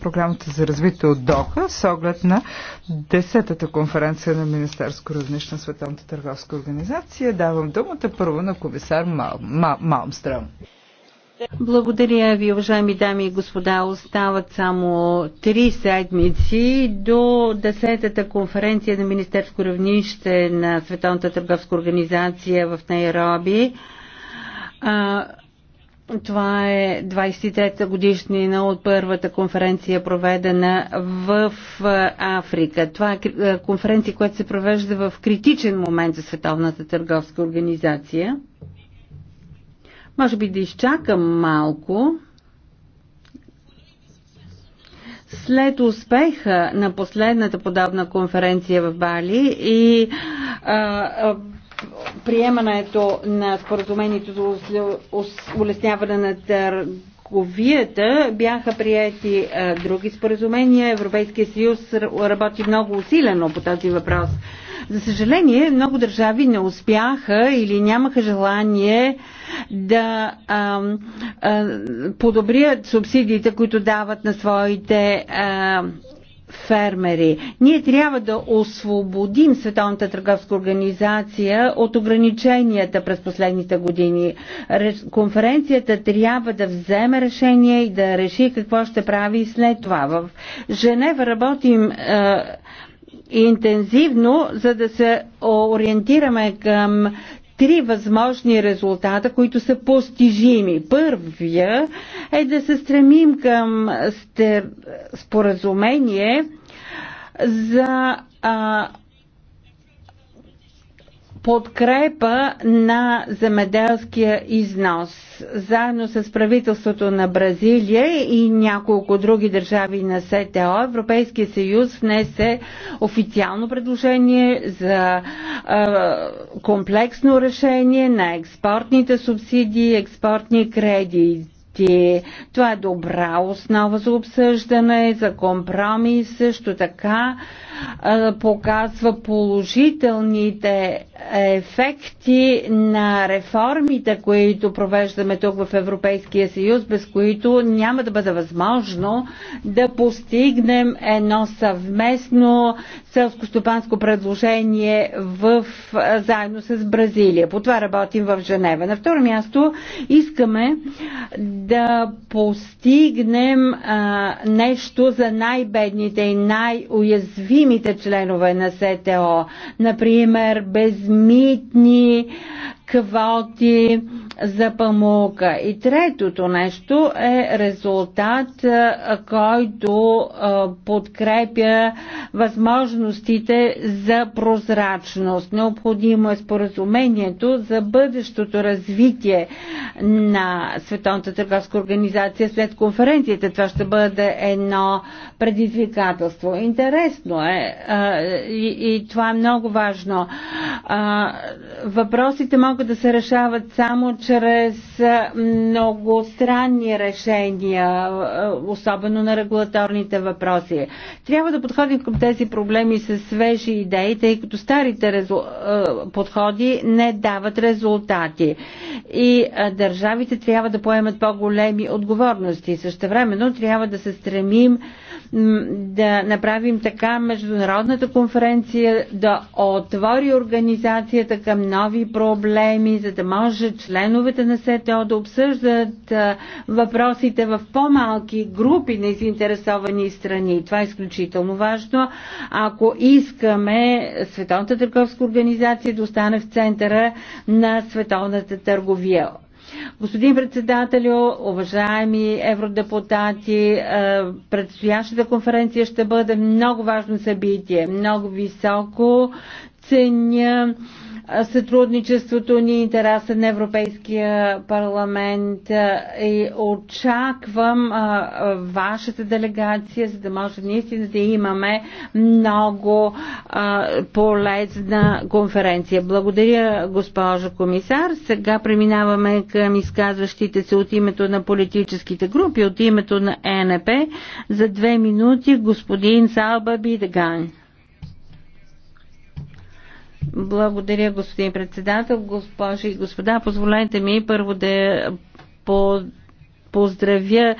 програмата за развитие от Доха с оглед на 10-та конференция на Министерско равнище на Световната търговска организация. Давам думата първо на комисар Мал, Мал, Малмстрам. Благодаря ви, уважаеми дами и господа. Остават само три седмици до 10-та конференция на Министерско равнище на Световната търговска организация в Найроби. Това е 23-та годишнина от първата конференция, проведена в Африка. Това е конференция, която се провежда в критичен момент за Световната търговска организация. Може би да изчакам малко. След успеха на последната подобна конференция в Бали и а, а, приемането на споразумението за улесняване на търговията бяха приети други споразумения. Европейския съюз работи много усилено по този въпрос. За съжаление, много държави не успяха или нямаха желание да а, а, подобрят субсидиите, които дават на своите а, фермери. Ние трябва да освободим Световната търговска организация от ограниченията през последните години. Конференцията трябва да вземе решение и да реши какво ще прави след това. В Женева работим е, интензивно, за да се ориентираме към три възможни резултата, които са постижими. Първия е да се стремим към споразумение за а, подкрепа на земеделския износ, заедно с правителството на Бразилия и няколко други държави на СТО, Европейския съюз внесе официално предложение за е, комплексно решение на експортните субсидии, експортни кредити Това е добра основа за обсъждане, за компромис, също така показва положителните ефекти на реформите, които провеждаме тук в Европейския съюз, без които няма да бъде възможно да постигнем едно съвместно селско-стопанско предложение в, заедно с Бразилия. По това работим в Женева. На второ място искаме да постигнем а, нещо за най-бедните и най-уязвимите членове на СТО. Например, без митни квоти за памука. И третото нещо е резултат, който подкрепя възможностите за прозрачност. Необходимо е споразумението за бъдещото развитие на Световната търговска организация след конференцията. Това ще бъде едно предизвикателство. Интересно е и, и това е много важно. Въпросите могат могат да се решават само чрез много странни решения, особено на регулаторните въпроси. Трябва да подходим към тези проблеми с свежи идеи, тъй като старите резу... подходи не дават резултати. И държавите трябва да поемат по-големи отговорности. Същевременно трябва да се стремим да направим така международната конференция да отвори организацията към нови проблеми, за да може членовете на СТО да обсъждат въпросите в по-малки групи на заинтересовани страни. Това е изключително важно, ако искаме Световната търговска организация да остане в центъра на световната търговия. Господин председателю, уважаеми евродепутати, е, предстоящата конференция ще бъде много важно събитие, много високо ценя сътрудничеството ни, интереса на Европейския парламент и очаквам вашата делегация, за да може наистина да имаме много полезна конференция. Благодаря, госпожо комисар. Сега преминаваме към изказващите се от името на политическите групи, от името на ЕНП. За две минути господин Салба Бидеган. Благодаря, господин председател, госпожи и господа. Позволете ми първо да по поздравя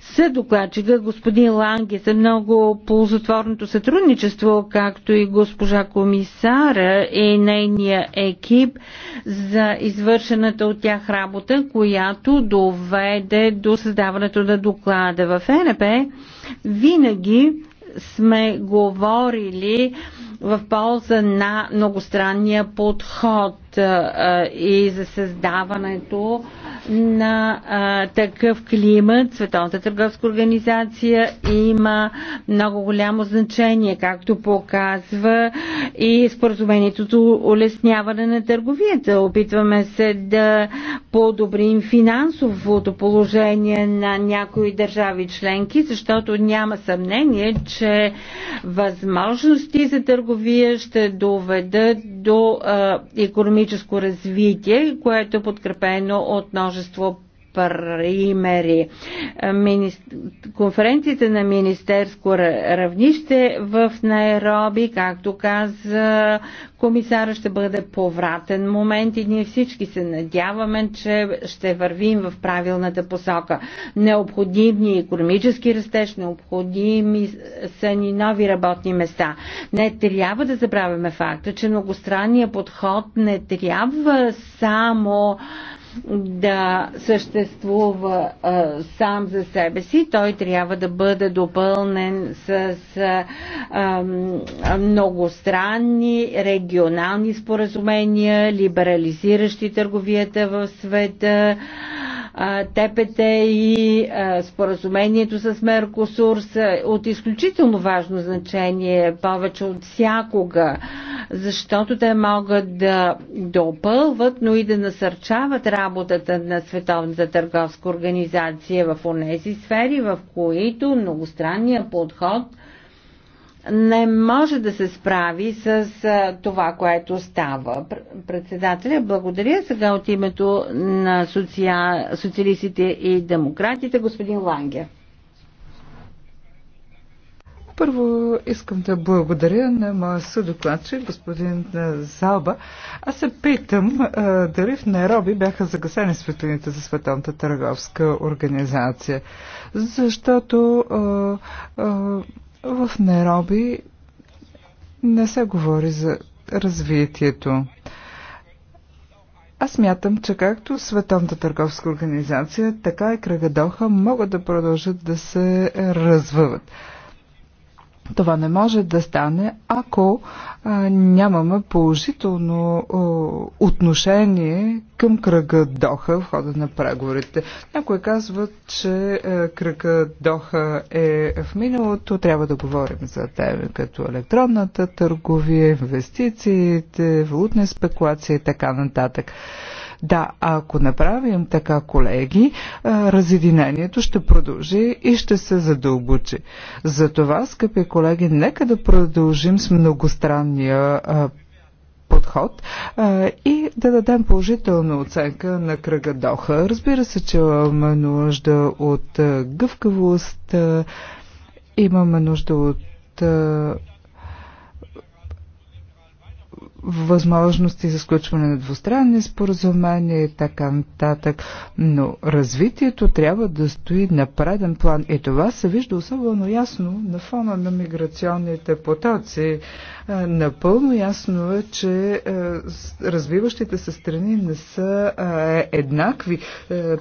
съдокладчика господин Ланге за много ползотворното сътрудничество, както и госпожа комисара и нейния екип за извършената от тях работа, която доведе до създаването на доклада в е НП. Винаги сме говорили в полза на многостранния подход и за създаването на а, такъв климат, Световната търговска организация има много голямо значение, както показва и споразумението улесняване на търговията. Опитваме се да подобрим финансовото положение на някои държави членки, защото няма съмнение, че възможности за търговия ще доведат до а, економическо развитие, което е подкрепено от множество множество примери. Е, Конференцията на министерско равнище в Найроби, както каза комисара, ще бъде повратен момент и ние всички се надяваме, че ще вървим в правилната посока. Необходими економически растеж, необходими са ни нови работни места. Не трябва да забравяме факта, че многостранният подход не трябва само да съществува а, сам за себе си, той трябва да бъде допълнен с а, а, многостранни регионални споразумения, либерализиращи търговията в света, а, ТПТ и споразумението с Меркосур са от изключително важно значение, повече от всякога, защото те могат да допълват, но и да насърчават работата на Световната търговска организация в онези сфери, в които многостранният подход – не може да се справи с това, което става. Председателя, благодаря сега от името на социа... социалистите и демократите, господин Ланге. Първо искам да благодаря на моя съдокладчик, господин Залба. Аз се питам а, дали в Найроби бяха загасени светлините за Световната търговска организация. Защото а, а, в Нероби не се говори за развитието. Аз мятам, че както Световната търговска организация, така и крагадоха могат да продължат да се развъват. Това не може да стане, ако а, нямаме положително а, отношение към кръга Доха в хода на преговорите. Някои казват, че а, кръга Доха е в миналото. Трябва да говорим за теми като електронната търговия, инвестициите, валутни спекулации и така нататък. А, да, ако направим така, колеги, разединението ще продължи и ще се задълбочи. Затова, скъпи колеги, нека да продължим с многостранния подход а, и да дадем положителна оценка на кръга Доха. Разбира се, че имаме нужда от гъвкавост, имаме нужда от възможности за сключване на двустранни споразумения и така нататък. Но развитието трябва да стои на преден план и това се вижда особено ясно на фона на миграционните потоци. Е, напълно ясно е, че е, развиващите се страни не са е, еднакви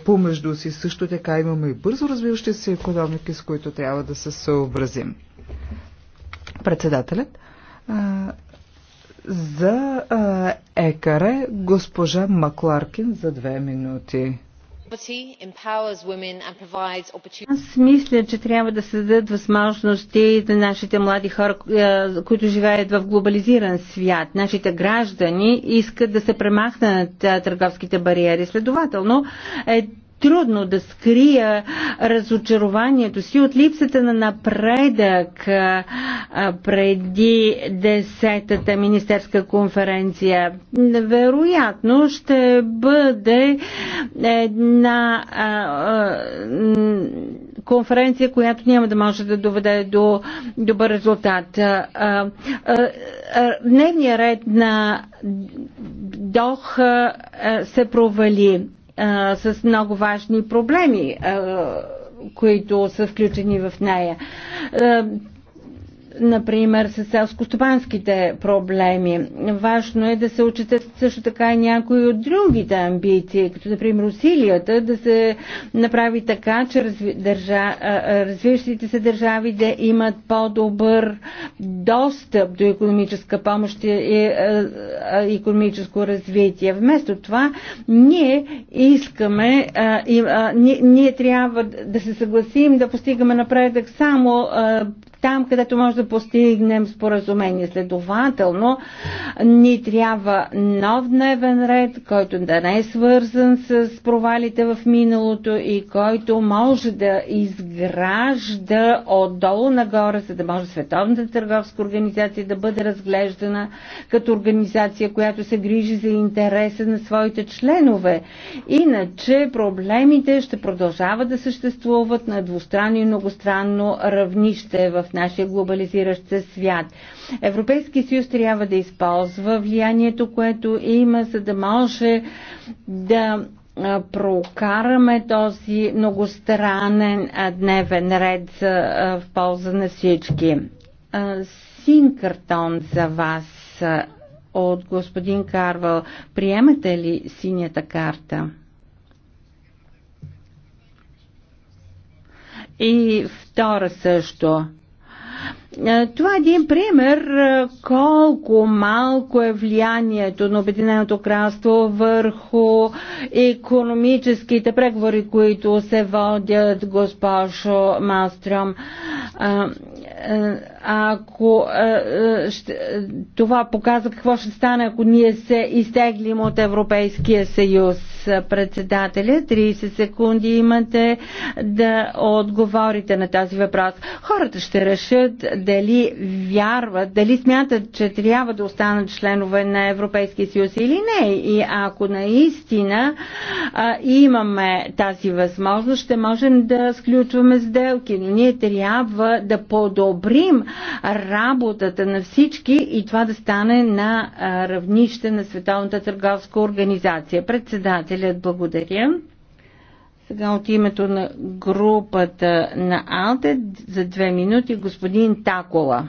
помежду си. Също така имаме и бързо развиващи се економики, с които трябва да се съобразим. Председателят за ЕКАРЕ госпожа Макларкин за две минути. Аз мисля, че трябва да се дадат възможности на нашите млади хора, е, които живеят в глобализиран свят. Нашите граждани искат да се премахнат е, търговските бариери. Следователно, е трудно да скрия разочарованието си от липсата на напредък преди 10-та министерска конференция. Вероятно ще бъде една конференция, която няма да може да доведе до добър резултат. Дневният ред на Дох се провали а, с много важни проблеми. А, които са включени в нея например, с селско-стопанските проблеми. Важно е да се отчитат също така и някои от другите амбиции, като, например, усилията да се направи така, че разви, държа, развиващите се държави да имат по-добър достъп до економическа помощ и економическо развитие. Вместо това, ние искаме, а, и, а, ние, ние трябва да се съгласим да постигаме напредък само а, там, където може да да постигнем споразумение. Следователно, ни трябва нов дневен ред, който да не е свързан с провалите в миналото и който може да изгражда отдолу нагоре, за да може Световната търговска организация да бъде разглеждана като организация, която се грижи за интереса на своите членове. Иначе проблемите ще продължават да съществуват на двустранно и многостранно равнище в нашия глобализиран глобализиращ със свят. Европейски съюз трябва да използва влиянието, което има, за да може да прокараме този многостранен дневен ред в полза на всички. Синкартон за вас от господин Карвал. Приемате ли синята карта? И втора също. Е, това е един пример е, колко малко е влиянието на Обединеното кралство върху економическите преговори, които се водят, госпожо Малстром. Е, ако това показва какво ще стане, ако ние се изтеглим от Европейския съюз, председателя, 30 секунди имате да отговорите на тази въпрос. Хората ще решат дали вярват, дали смятат, че трябва да останат членове на Европейския съюз или не. И ако наистина а, имаме тази възможност, ще можем да сключваме сделки. Но ние трябва да подобрим работата на всички и това да стане на а, равнище на Световната търговска организация. Председателят, благодаря. Сега от името на групата на Алте за две минути господин Такола.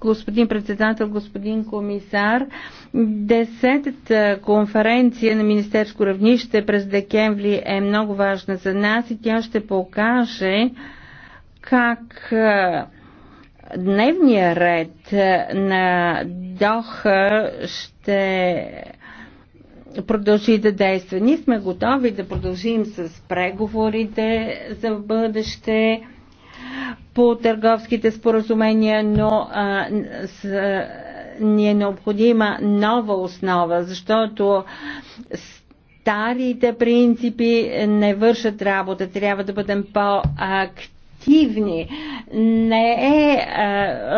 Господин председател, господин комисар, десетата конференция на Министерско равнище през декември е много важна за нас и тя ще покаже как дневния ред е, на Доха ще продължи да действа. Ние сме готови да продължим с преговорите за бъдеще по търговските споразумения, но а, с, ни е необходима нова основа, защото старите принципи не вършат работа. Трябва да бъдем по-активни активни. Не е, е,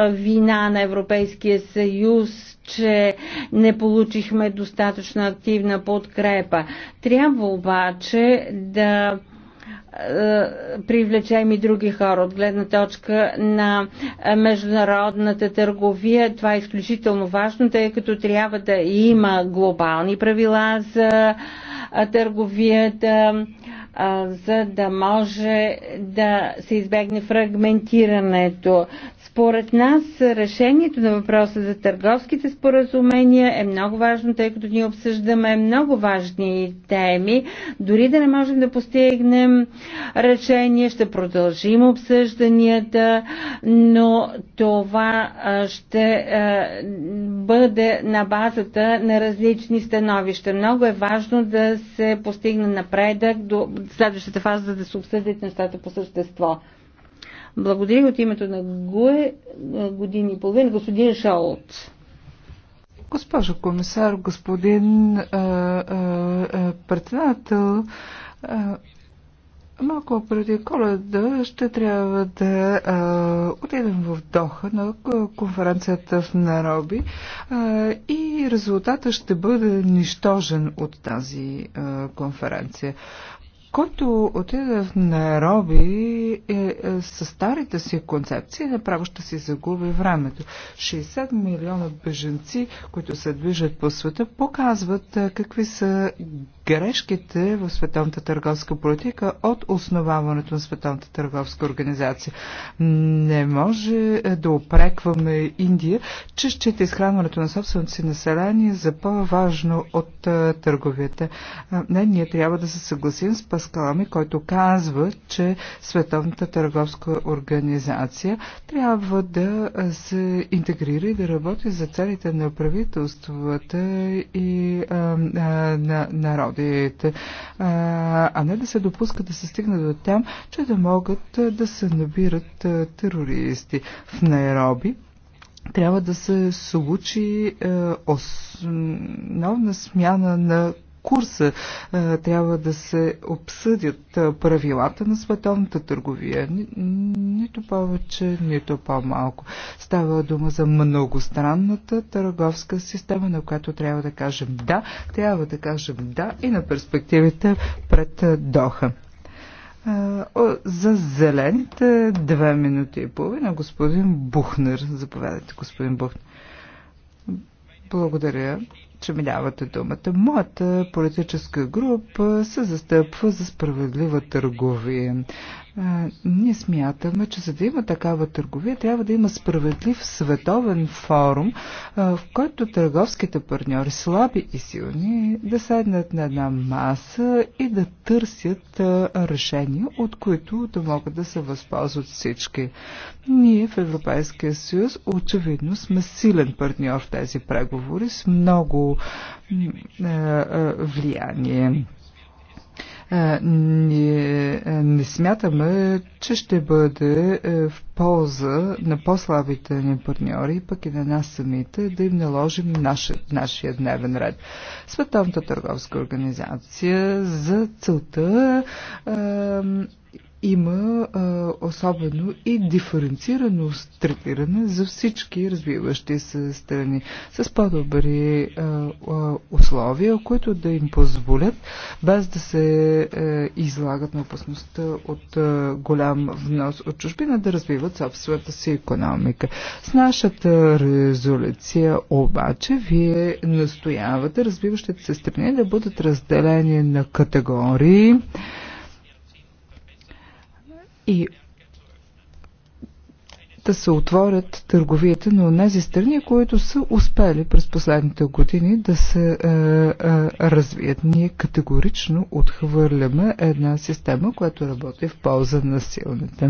е вина на Европейския съюз, че не получихме достатъчно активна подкрепа. Трябва обаче да е, привлечем и други хора от гледна точка на международната търговия. Това е изключително важно, тъй като трябва да има глобални правила за търговията, за да може да се избегне фрагментирането. Според нас решението на въпроса за търговските споразумения е много важно, тъй като ние обсъждаме много важни теми. Дори да не можем да постигнем решение, ще продължим обсъжданията, но това ще бъде на базата на различни становища. Много е важно да се постигне напредък до следващата фаза, за да се обсъдят нещата по същество. Благодаря от името на ГУЕ години и половина господин Шаот. Госпожо комисар, господин а, а, председател, а, Малко преди коледа ще трябва да а, отидем в Доха на конференцията в Нароби а, и резултата ще бъде нищожен от тази а, конференция който отиде в Найроби е, е, с старите си концепции, е направо ще си загуби времето. 60 милиона беженци, които се движат по света, показват е, какви са грешките в световната търговска политика от основаването на световната търговска организация. Не може е, да опрекваме Индия, че счита изхранването на собственото си население за по-важно от е, търговията. Е, не, ние трябва да се съгласим с Паскалами, който казва, че световната търговска организация трябва да се интегрира и да работи за целите на правителствата и а, а, на народа водите, а не да се допуска да се стигне до там, че да могат да се набират терористи. В Найроби трябва да се случи основна смяна на курса. Е, трябва да се обсъдят е, правилата на световната търговия. Ни, нито повече, нито по-малко. Става дума за многостранната търговска система, на която трябва да кажем да, трябва да кажем да и на перспективите пред е, Доха. За зелените две минути и половина господин Бухнер. Заповядайте, господин Бухнер. Благодаря че ми давате думата. Моята политическа група се застъпва за справедлива търговия ние смятаме, че за да има такава търговия, трябва да има справедлив световен форум, в който търговските партньори, слаби и силни, да седнат на една маса и да търсят решения, от които да могат да се възползват всички. Ние в Европейския съюз очевидно сме силен партньор в тези преговори с много влияние ние не смятаме, че ще бъде в полза на по-слабите ни партньори, пък и на нас самите, да им наложим наше, нашия дневен ред. Световната търговска организация за целта има а, особено и диференцирано третиране за всички развиващи се страни с по-добри условия, които да им позволят, без да се а, е, излагат на опасността от а, е, голям внос от чужбина, да развиват собствената си економика. С нашата резолюция обаче вие настоявате развиващите се страни да бъдат разделени на категории. А, и да се отворят търговията на тези страни, които са успели през последните години да се е, е, развият. Ние категорично отхвърляме една система, която работи в полза на силните. Е,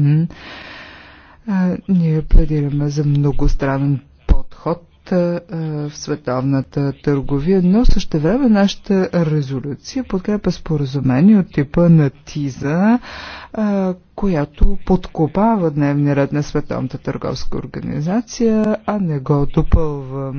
ние пледираме за многостранен подход е, е, в световната търговия, но също време нашата резолюция подкрепа споразумение от типа на ТИЗА, която подкопава дневния ред на Световната търговска организация, а не го допълва.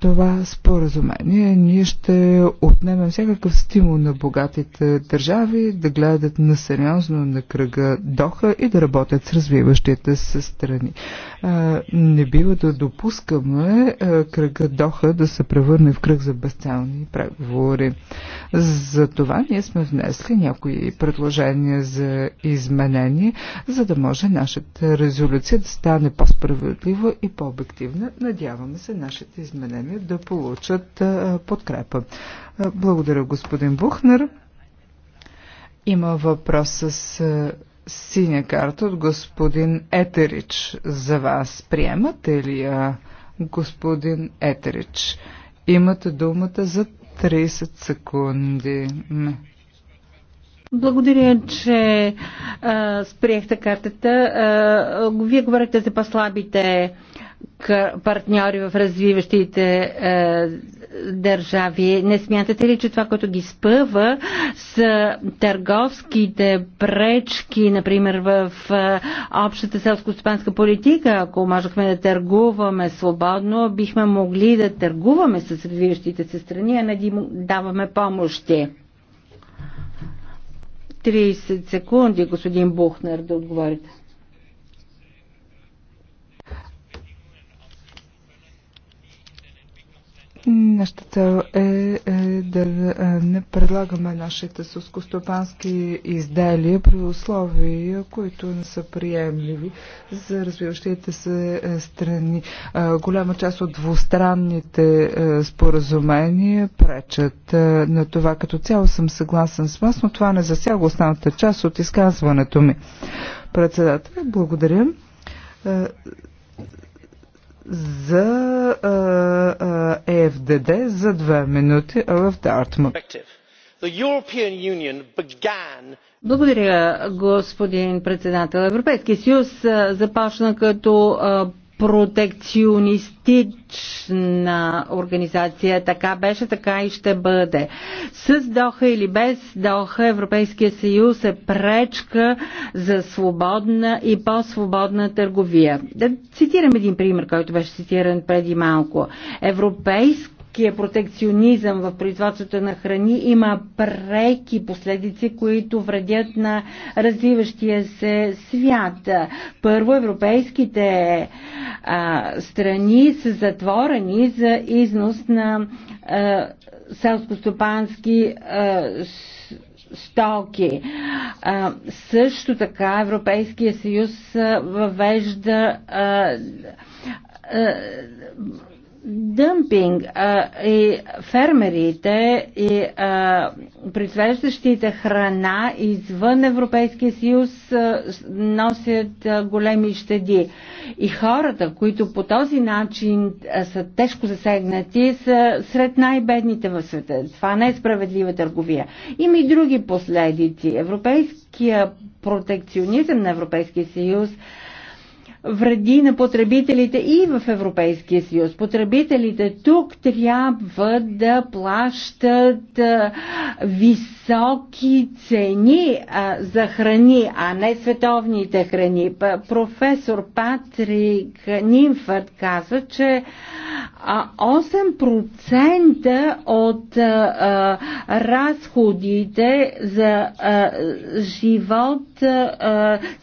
това споразумение ние ще отнемем всякакъв стимул на богатите държави да гледат насериозно на кръга Доха и да работят с развиващите се страни. Не бива да допускаме кръга Доха да се превърне в кръг за безцелни преговори. За това ние сме внесли някои предложения за за изменение, за да може нашата резолюция да стане по-справедлива и по-обективна. Надяваме се нашите изменения да получат подкрепа. Благодаря, господин Бухнер. Има въпрос с синя карта от господин Етерич за вас. Приемате ли я, господин Етерич? Имате думата за 30 секунди. Благодаря, че а, сприехте картата. А, вие говорите за по-слабите партньори в развиващите а, държави. Не смятате ли, че това, което ги спъва, са търговските пречки, например, в а, общата селско-стопанска политика? Ако можехме да търгуваме свободно, бихме могли да търгуваме с развиващите се страни, а не да даваме помощи. 30 секунди, господин Бухнер, да отговорите. Нашата цел е, е да е, не предлагаме нашите сускостопански изделия при условия, които не са приемливи за развиващите се е, страни. Е, голяма част от двустранните споразумения пречат на това. Като цяло съм съгласен с вас, но това не засяга останата част от изказването ми. Председател, благодаря за ЕФДД за две минути в Дартмут. Благодаря, господин председател. Европейския съюз започна като протекционистична организация. Така беше, така и ще бъде. С Доха или без Доха Европейския съюз е пречка за свободна и по-свободна търговия. Да цитирам един пример, който беше цитиран преди малко. Европейска руския протекционизъм в производството на храни има преки последици, които вредят на развиващия се свят. Първо, европейските а, страни са затворени за износ на а, селско-стопански стоки. А, също така Европейския съюз въвежда а, а, дъмпинг а, и фермерите и а, произвеждащите храна извън Европейския съюз а, носят а, големи щеди. И хората, които по този начин а, са тежко засегнати, са сред най-бедните в света. Това не е справедлива търговия. Има и други последици. Европейския протекционизъм на Европейския съюз вреди на потребителите и в Европейския съюз. Потребителите тук трябва да плащат високи цени за храни, а не световните храни. Професор Патрик Нимфърт каза, че 8% от разходите за живот са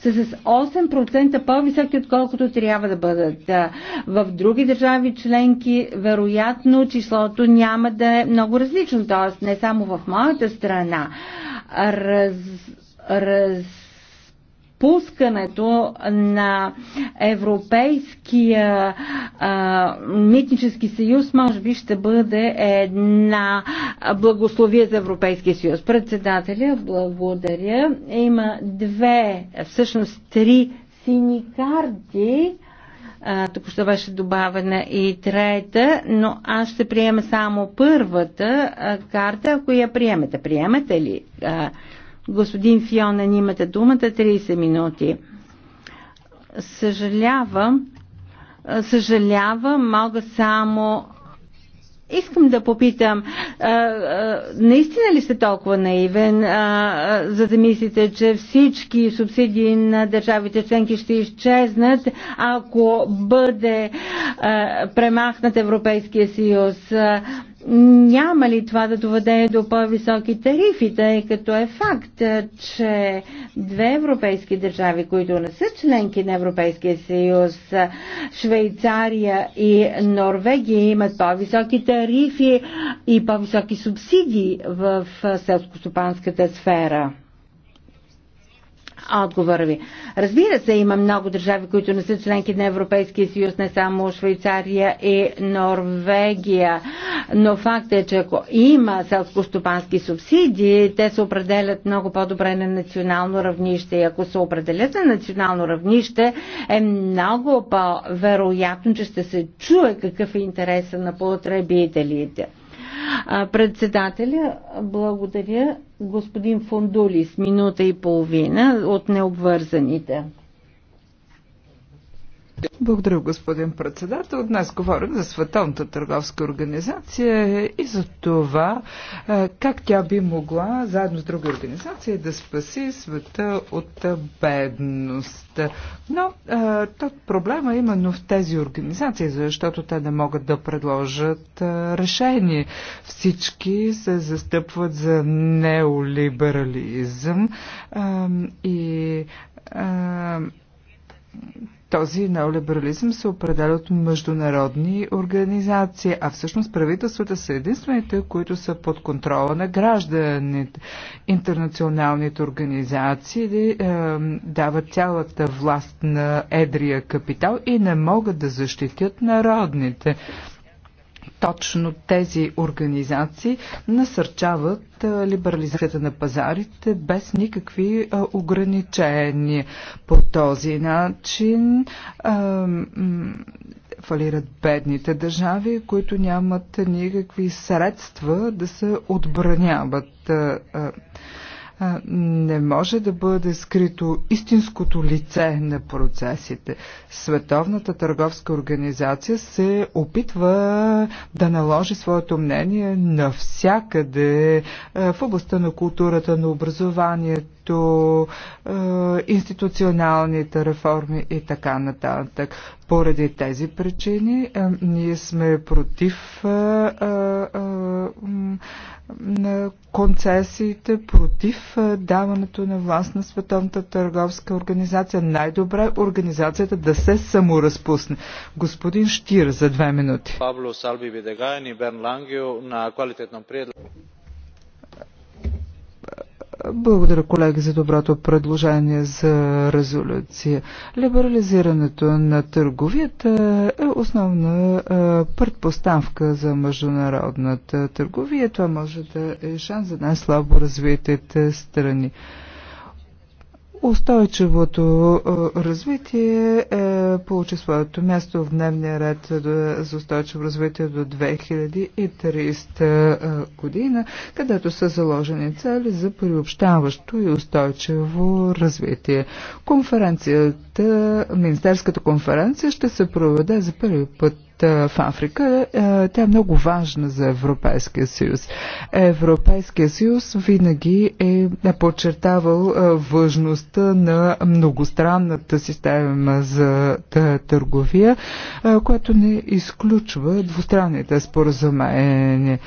с 8% по-високи от отколкото трябва да бъдат. В други държави членки, вероятно, числото няма да е много различно. Тоест, не само в моята страна. Раз, раз, пускането на Европейския а, митнически съюз може би ще бъде една благословие за Европейския съюз. Председателя, благодаря. Има две, всъщност три сини карти. Тук ще беше добавена и трета, но аз ще приема само първата а, карта, ако я приемете. Приемате ли? А, господин Фионен, имате думата 30 минути. Съжалявам, съжалявам, мога само Искам да попитам, наистина ли сте толкова наивен, за да мислите, че всички субсидии на държавите членки ще изчезнат, ако бъде премахнат Европейския съюз? няма ли това да доведе до по-високи тарифи, тъй като е факт, е, че две европейски държави, които не са членки на Европейския съюз, е, Швейцария и Норвегия имат по-високи тарифи и по-високи субсидии в е, селскостопанската сфера отговора ви. Разбира се, има много държави, които не са членки на Европейския съюз, не само Швейцария и Норвегия. Но факт е, че ако има селско-стопански субсидии, те се определят много по-добре на национално равнище. И ако се определят на национално равнище, е много по-вероятно, че ще се чуе какъв е интереса на потребителите. Председателя, благодаря господин Фундулис, минута и половина от необвързаните. Благодаря, господин председател. Днес говорим за Световната търговска организация и за това е, как тя би могла, заедно с други организации, да спаси света от бедност. Но е, тот проблема е именно в тези организации, защото те не могат да предложат е, решение. Всички се застъпват за неолиберализъм и този неолиберализъм се определя от международни организации, а всъщност правителствата са единствените, които са под контрола на гражданите. Интернационалните организации е, дават цялата власт на едрия капитал и не могат да защитят народните точно тези организации насърчават либерализацията на пазарите без никакви ограничения. По този начин фалират бедните държави, които нямат никакви средства да се отбраняват не може да бъде скрито истинското лице на процесите. Световната търговска организация се опитва да наложи своето мнение навсякъде в областта на културата, на образованието, като е, институционалните реформи и така нататък. Поради тези причини е, ние сме против е, е, е, концесиите, против е, даването на власт на Световната търговска организация. Най-добре е организацията да се саморазпусне. Господин Штир за две минути. Пабло Салби Видегаен и Берн Лангио на квалитетно приятел. Благодаря, колеги, за доброто предложение за резолюция. Либерализирането на търговията е основна предпоставка за международната търговия. Това може да е шанс за най-слабо развитите страни. Устойчивото развитие е, получи своето място в дневния ред за устойчиво развитие до 2030 година, където са заложени цели за приобщаващо и устойчиво развитие. Конференцията, Министерската конференция ще се проведе за първи път в Африка, тя е много важна за Европейския съюз. Европейския съюз винаги е, е подчертавал важността на многостранната система за търговия, която не изключва двустранните споразумения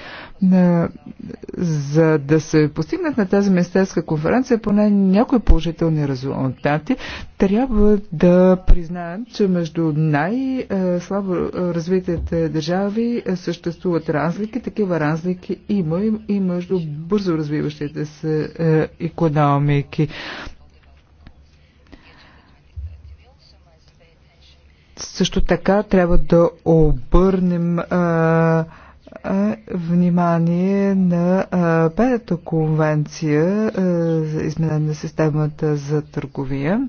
за да се постигнат на тази министерска конференция поне някои положителни резултати, трябва да признаем, че между най-слабо развитите държави съществуват разлики. Такива разлики има и между бързо развиващите се економики. Също така трябва да обърнем а, внимание на Петата конвенция за изменение на системата за търговия.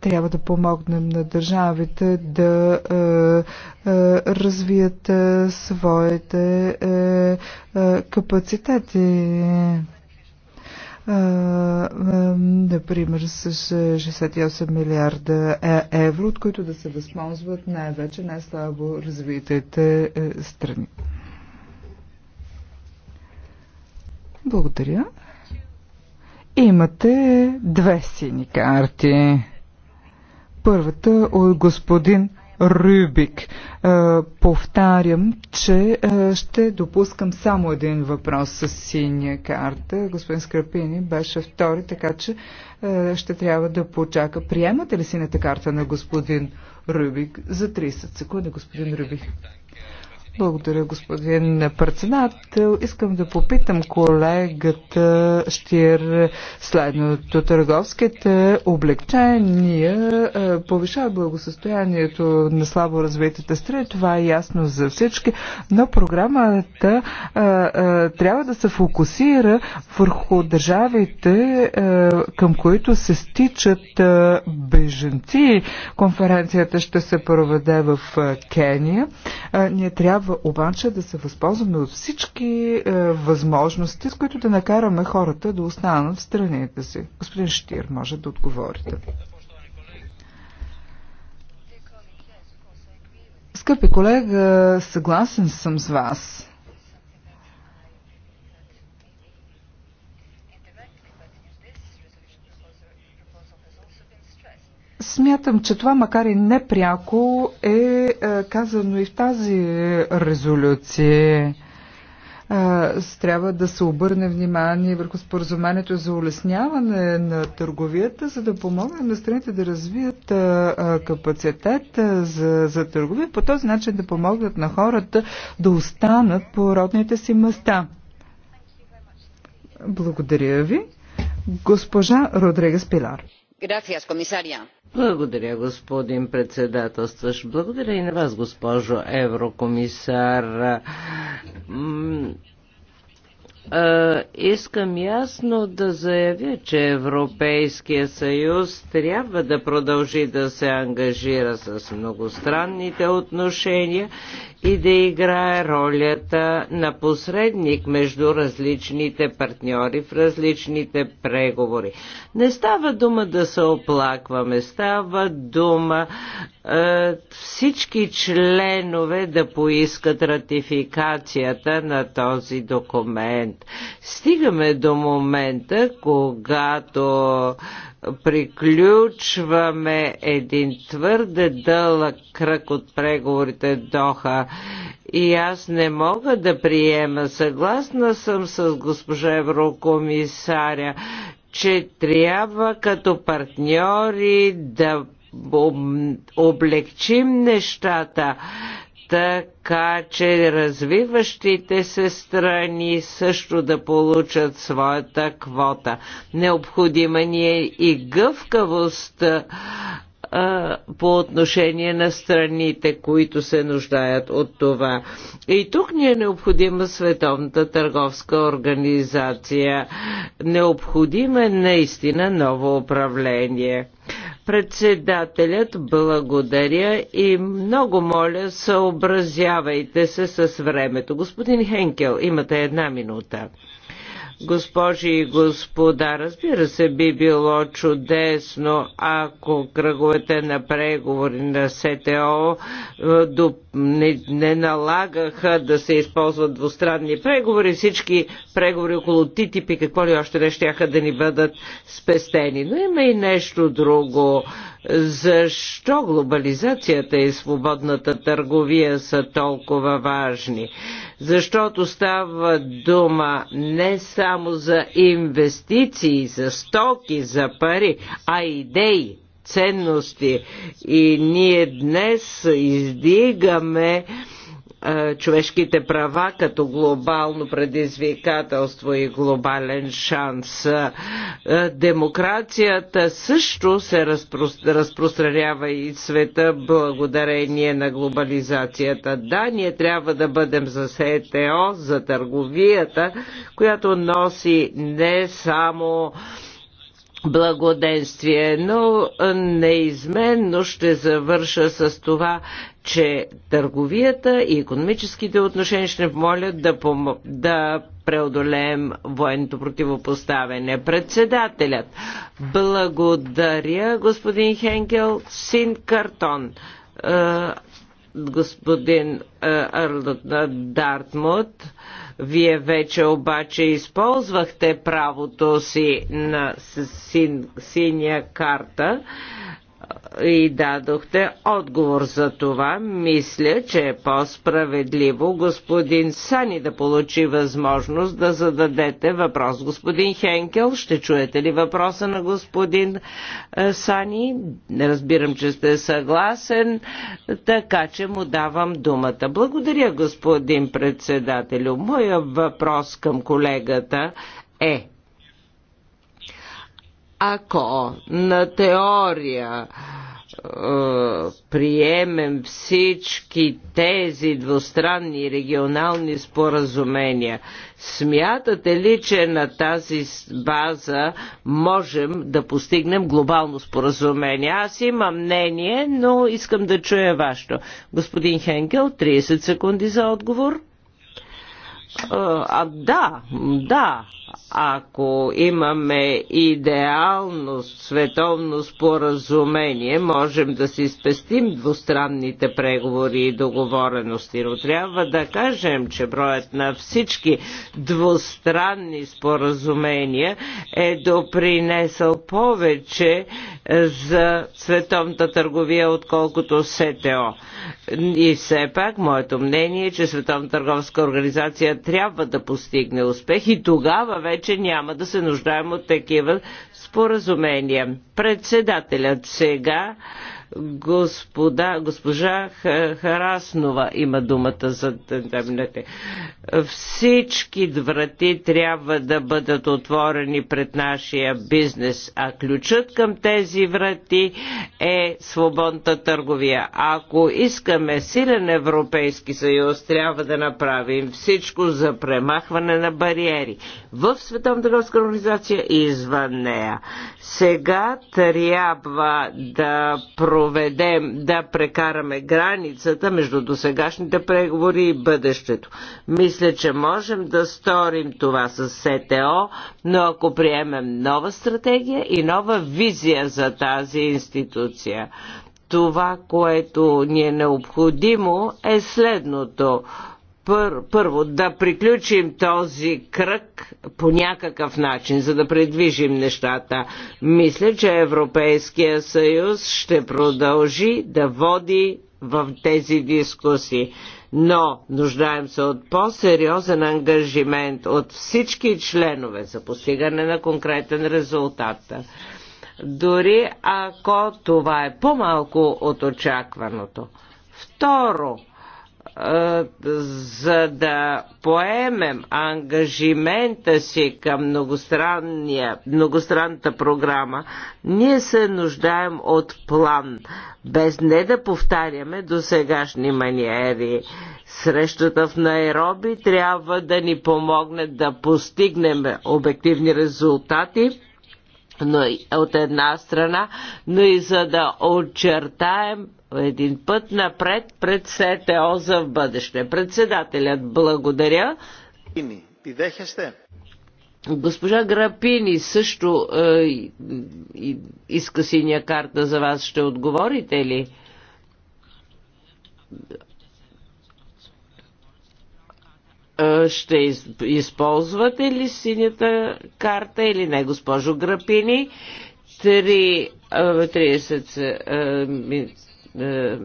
Трябва да помогнем на държавите да развият своите е, е, капацитети например, с 68 милиарда е, евро, от които да се възползват най-вече най-слабо развитите е, страни. Благодаря. Имате две сини карти. Първата е от господин Рубик, е, Повтарям, че е, ще допускам само един въпрос с синя карта. Господин Скрапини беше втори, така че е, ще трябва да почака. Приемате ли синята карта на господин Рубик? за 30 секунди, господин Рюбик? Благодаря, господин председател. Искам да попитам колегата Штир следното. Търговските облегчения повишават благосъстоянието на слабо развитите страни. Това е ясно за всички, но програмата а, а, трябва да се фокусира върху държавите, а, към които се стичат а, беженци. Конференцията ще се проведе в а, Кения. А, ние трябва трябва обаче да се възползваме от всички е, възможности, с които да накараме хората да останат в страните си. Господин Штир, може да отговорите. Скъпи колега, съгласен съм с вас. Смятам, че това, макар и непряко, е, е казано и в тази резолюция е, трябва да се обърне внимание върху споразумението за улесняване на търговията, за да помогнем на страните да развият е, капацитет за, за търговия, по този начин да помогнат на хората да останат по родните си места. Благодаря ви. Госпожа Родрегас Пилар. Gracias, комисария. Благодаря, господин председателстващ. Благодаря и на вас, госпожо еврокомисар е, искам ясно да заявя, че Европейския съюз трябва да продължи да се ангажира с многостранните отношения и да играе ролята на посредник между различните партньори в различните преговори. Не става дума да се оплакваме, става дума е, всички членове да поискат ратификацията на този документ момент. Стигаме до момента, когато приключваме един твърде дълъг кръг от преговорите Доха и аз не мога да приема. Съгласна съм с госпожа Еврокомисаря, че трябва като партньори да облегчим нещата така че развиващите се страни също да получат своята квота. Необходима ни е и гъвкавост а, по отношение на страните, които се нуждаят от това. И тук ни е необходима Световната търговска организация. Необходимо е наистина ново управление. Председателят благодаря и много моля съобразявайте се с времето. Господин Хенкел, имате една минута. Госпожи и господа, разбира се, би било чудесно, ако кръговете на преговори на СТО е, не, не налагаха да се използват двустранни преговори, всички преговори около ТТИП и какво ли още не щяха да ни бъдат спестени. Но има и нещо друго. Защо глобализацията и свободната търговия са толкова важни? Защото става дума не само за инвестиции, за стоки, за пари, а идеи, ценности. И ние днес издигаме човешките права като глобално предизвикателство и глобален шанс. Демокрацията също се разпространява и света благодарение на глобализацията. Да, ние трябва да бъдем за СТО, за търговията, която носи не само благоденствие, но неизменно ще завърша с това, че търговията и економическите отношения ще молят да, пом- да преодолеем военното противопоставяне. Председателят, благодаря господин Хенкел, син Картон господин е, Арлот Дартмут. Вие вече обаче използвахте правото си на синя карта и дадохте отговор за това. Мисля, че е по-справедливо господин Сани да получи възможност да зададете въпрос. Господин Хенкел, ще чуете ли въпроса на господин е, Сани? Разбирам, че сте съгласен, така че му давам думата. Благодаря, господин председателю. Моя въпрос към колегата е ако на теория е, приемем всички тези двустранни регионални споразумения, смятате ли, че на тази база можем да постигнем глобално споразумение? Аз имам мнение, но искам да чуя вашето. Господин Хенкел, 30 секунди за отговор. А, да, да, ако имаме идеално световно споразумение, можем да си спестим двустранните преговори и договорености, но трябва да кажем, че броят на всички двустранни споразумения е допринесъл повече за световната търговия, отколкото СТО. И все пак, моето мнение е, че Световна търговска организация трябва да постигне успех и тогава вече няма да се нуждаем от такива споразумения. Председателят сега Господа, госпожа Хараснова има думата за дебнете. Всички врати трябва да бъдат отворени пред нашия бизнес, а ключът към тези врати е свободната търговия. Ако искаме силен Европейски съюз, трябва да направим всичко за премахване на бариери в Световната търговска организация и извън нея. Сега трябва да про проведем, да прекараме границата между досегашните преговори и бъдещето. Мисля, че можем да сторим това с СТО, но ако приемем нова стратегия и нова визия за тази институция. Това, което ни е необходимо е следното пър, първо да приключим този кръг по някакъв начин, за да предвижим нещата. Мисля, че Европейския съюз ще продължи да води в тези дискусии. Но нуждаем се от по-сериозен ангажимент от всички членове за постигане на конкретен резултат дори ако това е по-малко от очакваното. Второ, за да поемем ангажимента си към многостранната програма, ние се нуждаем от план, без не да повтаряме до сегашни маниери. Срещата в Найроби трябва да ни помогне да постигнем обективни резултати, но от една страна, но и за да очертаем един път напред пред СТО за в бъдеще. Председателят благодаря. Госпожа Грапини също е, и, иска синя карта за вас. Ще отговорите ли? Е, ще използвате ли синята карта или не, госпожо Грапини? 3, 30 е, е,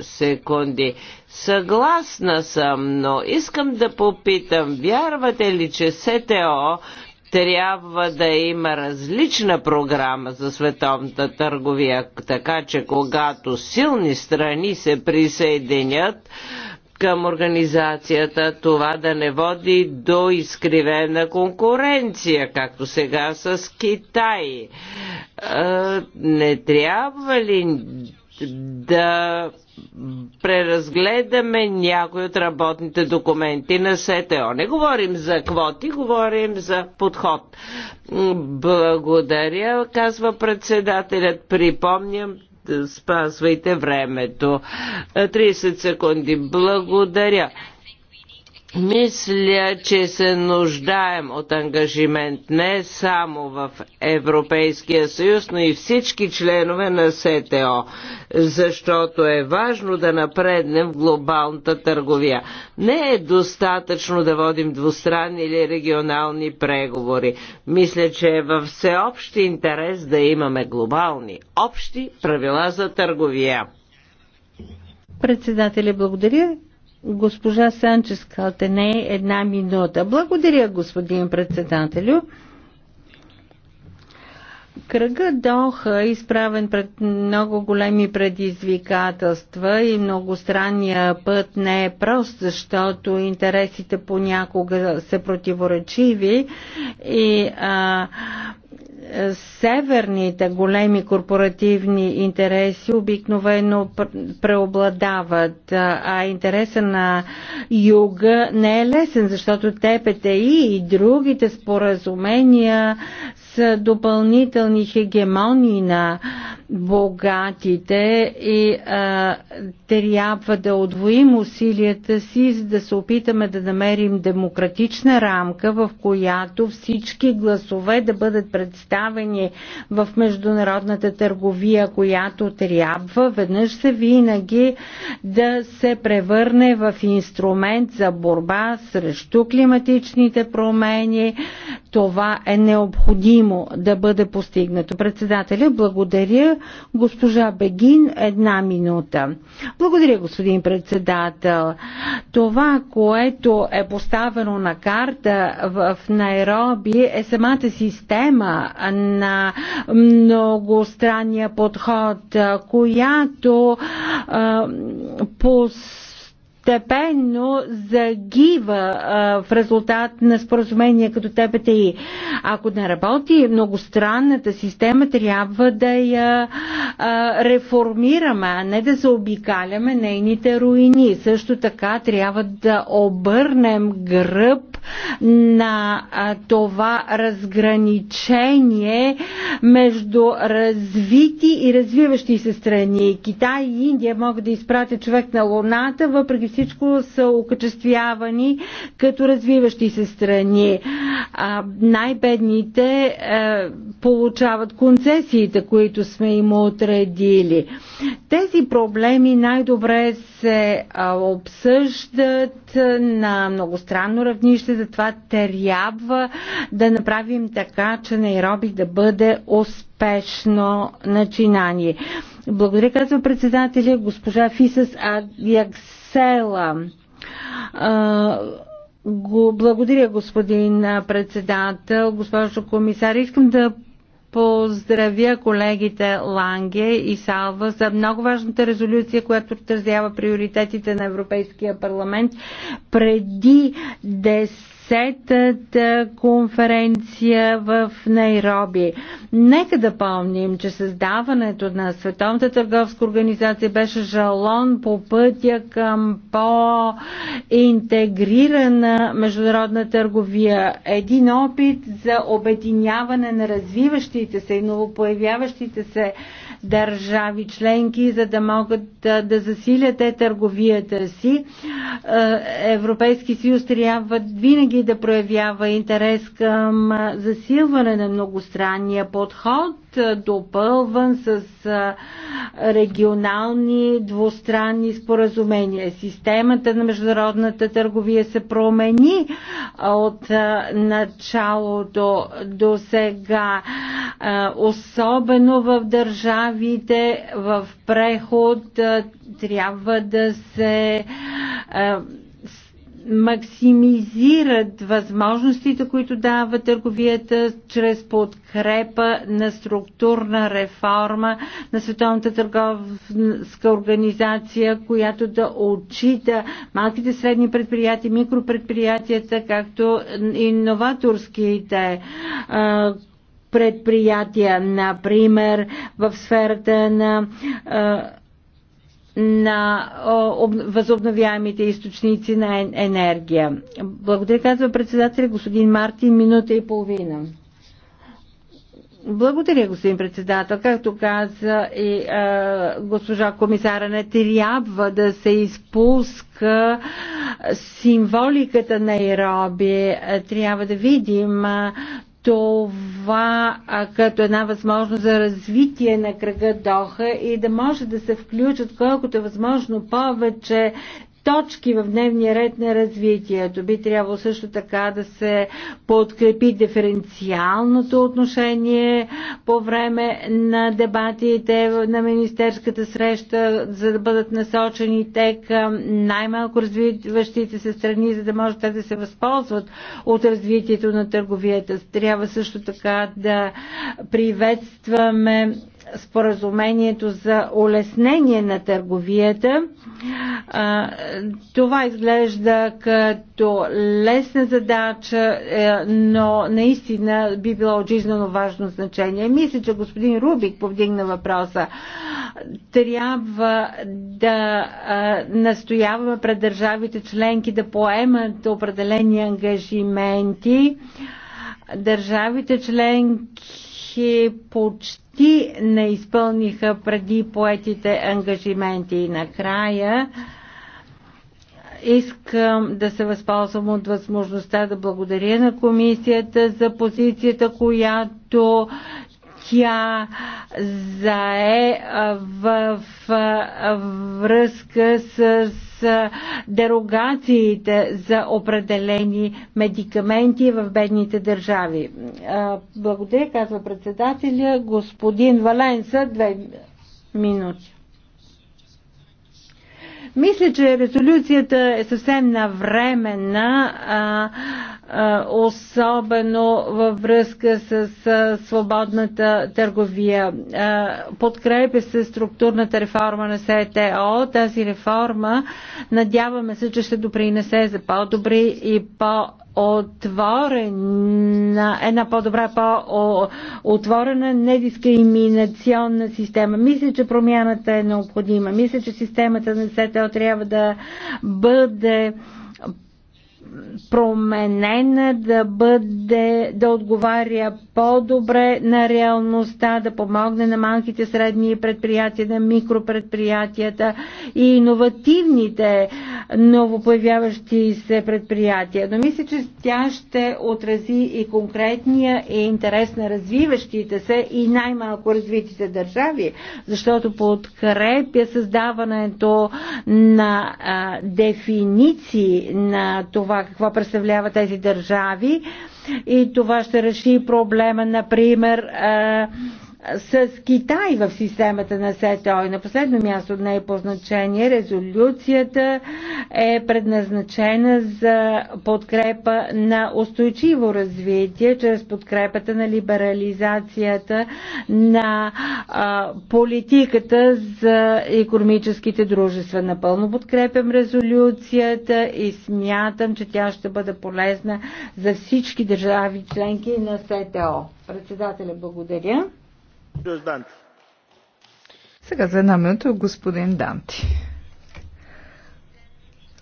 секунди. Съгласна съм, но искам да попитам, вярвате ли, че СТО трябва да има различна програма за световната търговия, така че когато силни страни се присъединят, към организацията, това да не води до изкривена конкуренция, както сега с Китай. Е, не трябва ли да преразгледаме някои от работните документи на СТО. Не говорим за квоти, говорим за подход. Благодаря, казва председателят. Припомням, спазвайте времето. 30 секунди. Благодаря. Мисля, че се нуждаем от ангажимент не само в Европейския съюз, но и всички членове на СТО, защото е важно да напреднем в глобалната търговия. Не е достатъчно да водим двустранни или регионални преговори. Мисля, че е във всеобщ интерес да имаме глобални, общи правила за търговия. Председателя, благодаря. Госпожа Санчес Калтене, една минута. Благодаря, господин председателю. Кръга Доха е изправен пред много големи предизвикателства и многостранния път не е прост, защото интересите понякога са противоречиви и а, северните големи корпоративни интереси обикновено преобладават, а интереса на юга не е лесен, защото ТПТИ и другите споразумения са допълнителни хегемонии на богатите и а, трябва да отвоим усилията си, за да се опитаме да намерим демократична рамка, в която всички гласове да бъдат представени в международната търговия, която трябва веднъж се винаги да се превърне в инструмент за борба срещу климатичните промени. Това е необходимо необходимо да бъде постигнато. Председателя, благодаря. Госпожа Бегин, една минута. Благодаря, господин председател. Това, което е поставено на карта в Найроби е самата система на многостранния подход, която е, пос постепенно загива а, в резултат на споразумения като ТПТИ. Ако не работи многостранната система, трябва да я а, реформираме, а не да заобикаляме нейните руини. Също така трябва да обърнем гръб на това разграничение между развити и развиващи се страни. Китай и Индия могат да изпратят човек на Луната, въпреки всичко са окачествявани като развиващи се страни. най-бедните е, получават концесиите, които сме им отредили. Тези проблеми най-добре се обсъждат на многостранно равнище се, затова трябва да направим така, че Найроби да бъде успешно начинание. Благодаря, казва председателя госпожа Фисас Агяксела. благодаря, господин председател, госпожо комисар. Искам да поздравя колегите Ланге и Салва за много важната резолюция, която отразява приоритетите на Европейския парламент преди 10 10-та конференция в Найроби. Нека да помним, че създаването на Световната търговска организация беше жалон по пътя към по-интегрирана международна търговия. Един опит за обединяване на развиващите се и новопоявяващите се държави членки, за да могат да, да засилят те търговията си. Европейски съюз трябва винаги да проявява интерес към засилване на многостранния подход допълван с регионални двустранни споразумения. Системата на международната търговия се промени от началото до сега, особено в държавите в преход трябва да се максимизират възможностите, които дава търговията чрез подкрепа на структурна реформа на Световната търговска организация, която да отчита малките средни предприятия, микропредприятията, както иноваторските предприятия, например, в сферата на на възобновяемите източници на енергия. Благодаря, казва председателя господин Мартин, минута и половина. Благодаря, господин председател. Както каза и е, госпожа комисара, не трябва да се изпуска символиката на Ироби. Трябва да видим това а, като една възможност за развитие на кръга Доха и да може да се включат колкото е възможно повече точки в дневния ред на развитието. Би трябвало също така да се подкрепи диференциалното отношение по време на дебатите на министерската среща, за да бъдат насочени те към най-малко развиващите се страни, за да може те да се възползват от развитието на търговията. Трябва също така да приветстваме споразумението за улеснение на търговията. Това изглежда като лесна задача, е, но наистина би било от важно значение. Мисля, че господин Рубик повдигна въпроса. Трябва да настояваме пред държавите членки да поемат определени ангажименти. Държавите членки банки почти не изпълниха преди поетите ангажименти и накрая искам да се възползвам от възможността да благодаря на комисията за позицията, която тя зае в връзка с дерогациите за определени медикаменти в бедните държави. Благодаря, казва председателя господин Валенса. Две минути. Мисля, че резолюцията е съвсем навременна, а, а, особено във връзка с а, свободната търговия. А, подкрепя се структурната реформа на СТО. Тази реформа, надяваме се, че ще допринесе за по-добри и по- отворена, една по-добра, по-отворена, недискриминационна система. Мисля, че промяната е необходима. Мисля, че системата на СТО трябва да бъде променена, да бъде, да отговаря по-добре на реалността, да помогне на малките средни предприятия, на микропредприятията и иновативните новопоявяващи се предприятия. Но мисля, че тя ще отрази и конкретния и интерес на развиващите се и най-малко развитите държави, защото подкрепя създаването на а, дефиниции на това, какво представлява тези държави и това ще реши проблема, например, с Китай в системата на СТО. И на последно място от нея по значение резолюцията е предназначена за подкрепа на устойчиво развитие чрез подкрепата на либерализацията на а, политиката за економическите дружества. Напълно подкрепям резолюцията и смятам, че тя ще бъде полезна за всички държави членки на СТО. Председателя, благодаря. Сега за една минута господин Данти.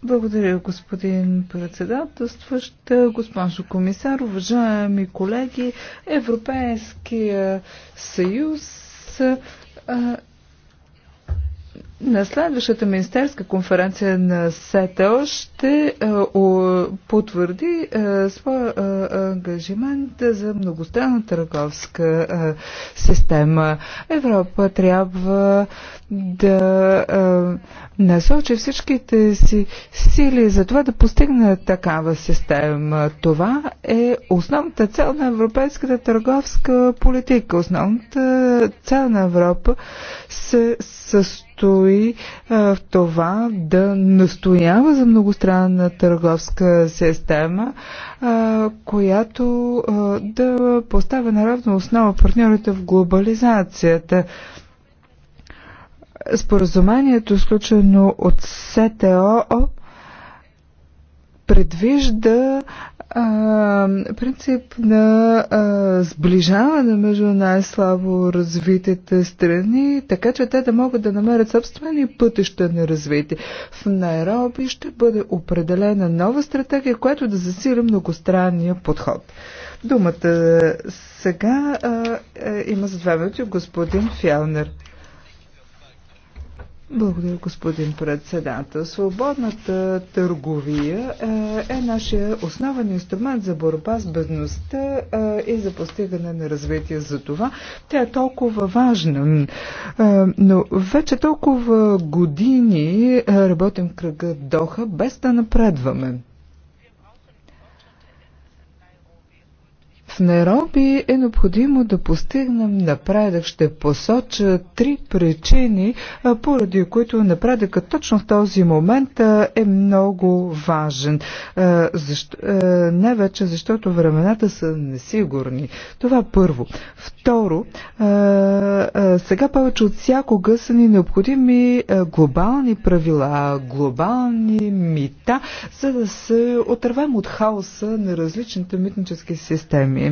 Благодаря, господин председателстващ, госпожо комисар, уважаеми колеги. Европейския съюз на следващата министерска конференция на СЕТЕЛ ще е, потвърди е, своя е, ангажимент за многостранна търговска система. Европа трябва да насочи всичките си сили за това да постигне такава система. Това е основната цел на европейската търговска политика. Основната цел на Европа се състои състои в това да настоява за многостранна търговска система, която да поставя наравно основа партньорите в глобализацията. Споразумението, сключено от СТО, предвижда а, принцип на а, сближаване между най-слабо развитите страни, така че те да могат да намерят собствени пътища на развитие. В Найроби ще бъде определена нова стратегия, която да засили многостранния подход. Думата сега а, а, е, има за два минути господин Фялнер. Благодаря, господин председател. Свободната търговия е, е нашия основен инструмент за борба с бедността е, и за постигане на развитие. За това тя е толкова важна. Е, но вече толкова години работим кръга Доха без да напредваме. Нероби е необходимо да постигнем напредък. Ще посоча три причини, поради които напредъкът точно в този момент е много важен. Защо, не вече защото времената са несигурни. Това първо. Второ, сега повече от всякога са ни необходими глобални правила, глобални мита, за да се отървем от хаоса на различните митнически системи.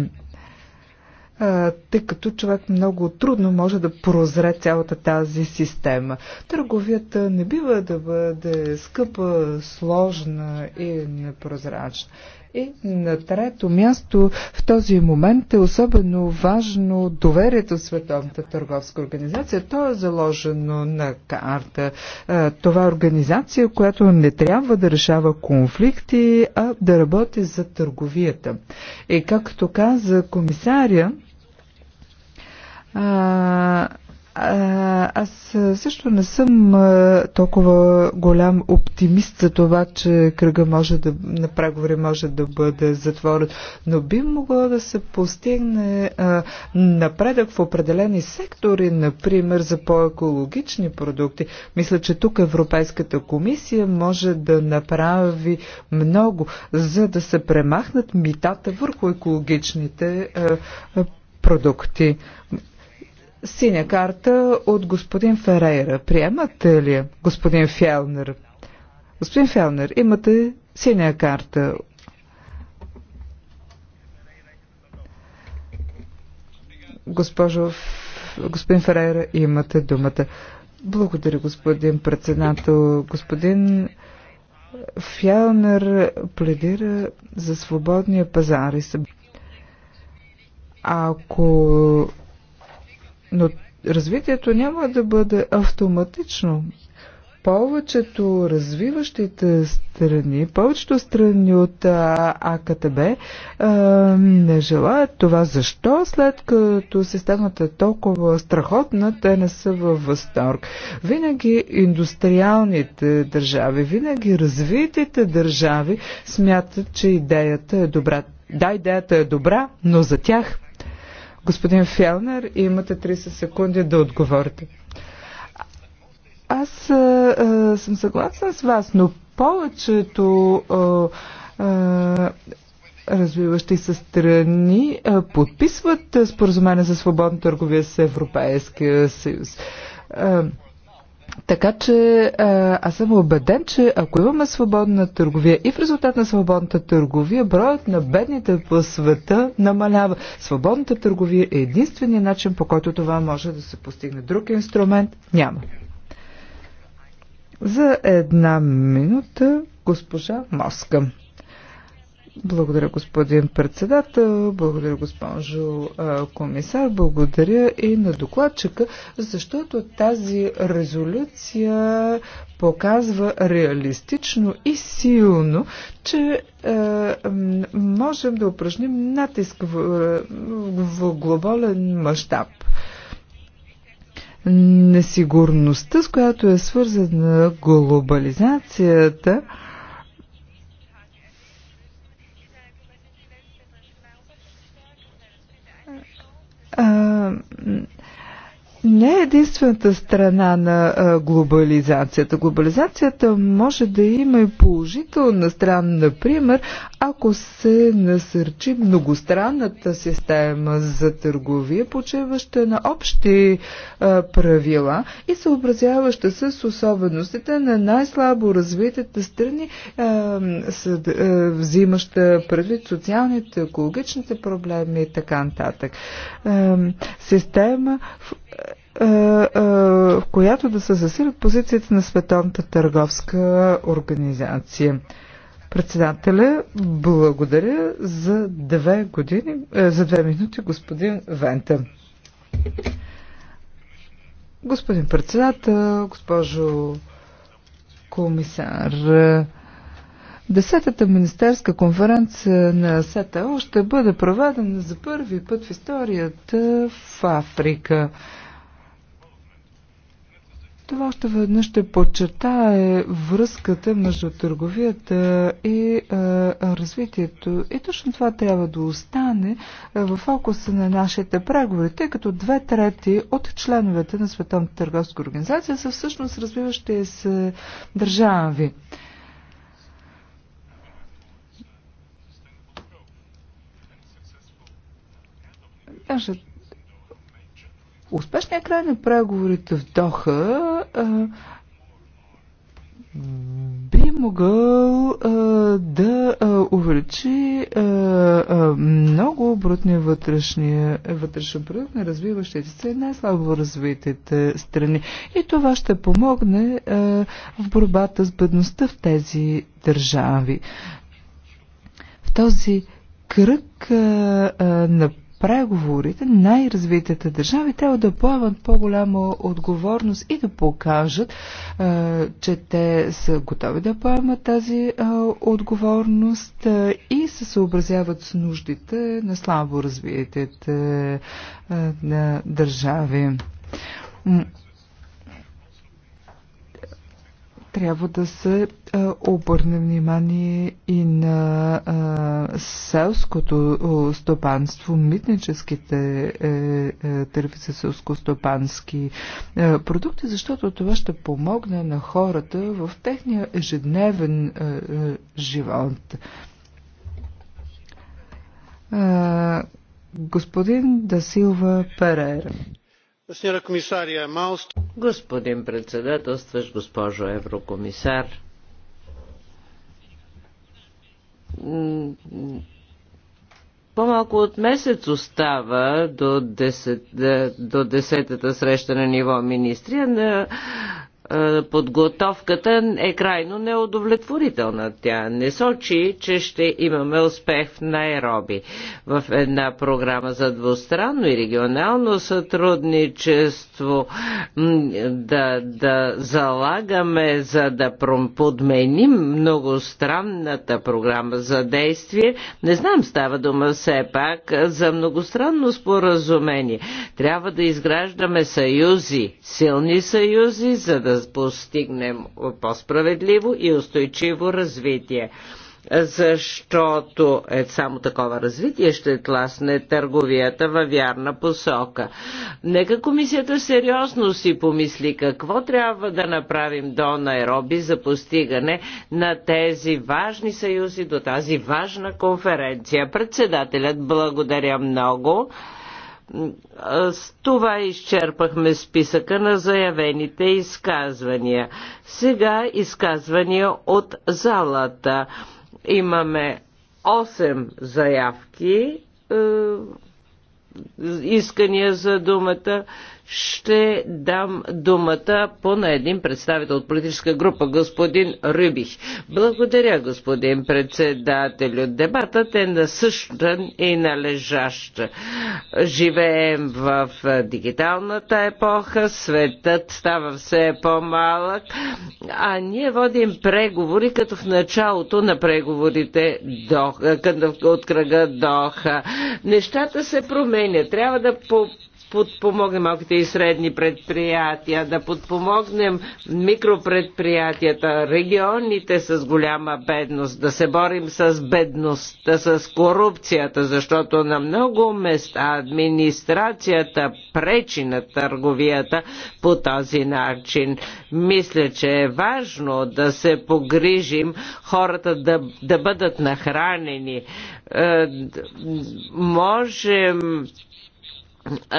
А, тъй като човек много трудно може да прозре цялата тази система. Търговията не бива да бъде скъпа, сложна и непрозрачна. И на трето място в този момент е особено важно доверието в Световната търговска организация. То е заложено на карта. Това е организация, която не трябва да решава конфликти, а да работи за търговията. И както каза комисаря, аз също не съм толкова голям оптимист за това, че кръга може да, на преговори може да бъде затворен, но би могло да се постигне напредък в определени сектори, например за по-екологични продукти. Мисля, че тук Европейската комисия може да направи много, за да се премахнат митата върху екологичните продукти. Синя карта от господин Ферейра. Приемате ли, господин Фелнер? Господин Фелнер, имате синя карта. Госпожо, господин Ферейра, имате думата. Благодаря, господин председател. Господин Фялнер пледира за свободния пазар и съб... Ако но развитието няма да бъде автоматично. Повечето развиващите страни, повечето страни от АКТБ а, не желаят това. Защо след като системата е толкова страхотна, те не са във възторг? Винаги индустриалните държави, винаги развитите държави смятат, че идеята е добра. Да, идеята е добра, но за тях Господин Фелнер, имате 30 секунди да отговорите. Аз а, а, съм съгласен с вас, но повечето а, а, развиващи се страни а, подписват споразумение за свободна търговия с Европейския съюз. А, така че аз съм убеден, че ако имаме свободна търговия и в резултат на свободната търговия, броят на бедните по света намалява. Свободната търговия е единствения начин, по който това може да се постигне. Друг инструмент няма. За една минута госпожа Моска. Благодаря, господин председател, благодаря, госпожо комисар, благодаря и на докладчика, защото тази резолюция показва реалистично и силно, че е, можем да упражним натиск в, в глобален мащаб. Несигурността, с която е свързана глобализацията, е, а, не е единствената страна на глобализацията. Глобализацията може да има и положителна страна, например, ако се насърчи многостранната система за търговия, почиваща на общи правила и съобразяваща се с особеностите на най-слабо развитите страни, взимаща предвид социалните, екологичните проблеми и така нататък. Система, в. Е, е, в която да се засилят позицията на Световната търговска организация. Председателя, благодаря за две години, е, за две минути, господин Вента. Господин председател, госпожо комисар, Десетата министерска конференция на СТО ще бъде проведена за първи път в историята в Африка. Това още веднъж ще подчертае връзката между търговията и а, развитието. И точно това трябва да остане в фокуса на нашите преговори, тъй като две трети от членовете на Световната търговска организация са всъщност развиващи се държави. Нашата Успешният край на преговорите в Доха а, би могъл а, да а, увеличи а, а, много брутния вътрешния, вътрешен продукт на развиващите се и най-слабо развитите страни. И това ще помогне а, в борбата с бедността в тези държави. В този кръг а, а, на преговорите най-развитите държави трябва да поемат по-голяма отговорност и да покажат, че те са готови да поемат тази отговорност и се съобразяват с нуждите на слабо развитите държави. трябва да се обърне внимание и на селското стопанство, митническите е, е, търви за селско-стопански е, продукти, защото това ще помогне на хората в техния ежедневен живот. Господин Дасилва Перера. Господин председателстващ, госпожо еврокомисар, по-малко от месец остава до, 10, до 10-та среща на ниво министрия на е, подготовката е крайно неудовлетворителна. Тя не сочи, че ще имаме успех в Найроби. В една програма за двустранно и регионално сътрудничество да, да залагаме, за да подменим многостранната програма за действие. Не знам, става дума все пак за многостранно споразумение. Трябва да изграждаме съюзи, силни съюзи, за да да постигнем по-справедливо и устойчиво развитие защото е, само такова развитие ще тласне търговията във вярна посока. Нека комисията сериозно си помисли какво трябва да направим до Найроби за постигане на тези важни съюзи до тази важна конференция. Председателят благодаря много. С това изчерпахме списъка на заявените изказвания. Сега изказвания от залата. Имаме 8 заявки, е, искания за думата ще дам думата по на един представител от политическа група, господин Рюбих. Благодаря, господин председателю. Дебатът е насъщен и належащ. Живеем в дигиталната епоха, светът става все по-малък, а ние водим преговори като в началото на преговорите до, от кръга Доха. Нещата се променят. Трябва да по подпомогнем малките и средни предприятия, да подпомогнем микропредприятията, регионите с голяма бедност, да се борим с бедността, с корупцията, защото на много места администрацията пречи на търговията по този начин. Мисля, че е важно да се погрижим хората да, да бъдат нахранени. Е, можем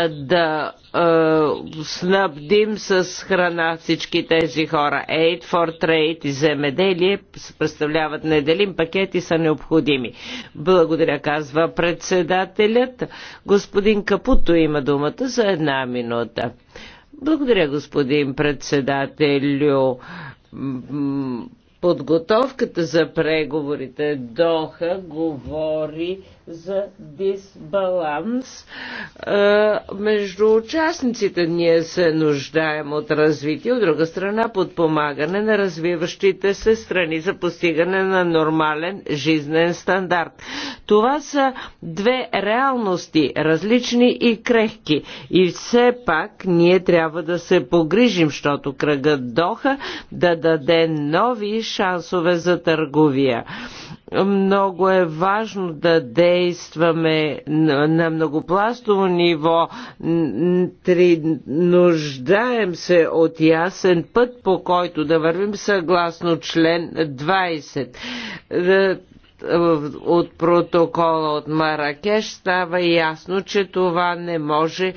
да е, снабдим с храна всички тези хора. Aid for Trade и земеделие представляват неделим пакет и са необходими. Благодаря, казва председателят. Господин Капуто има думата за една минута. Благодаря, господин председателю. Подготовката за преговорите Доха говори за дисбаланс между участниците. Ние се нуждаем от развитие, от друга страна подпомагане на развиващите се страни за постигане на нормален жизнен стандарт. Това са две реалности, различни и крехки. И все пак ние трябва да се погрижим, защото кръгът Доха да даде нови шансове за търговия много е важно да действаме на многопластово ниво. Три, нуждаем се от ясен път, по който да вървим съгласно член 20 от протокола от Маракеш става ясно, че това не може,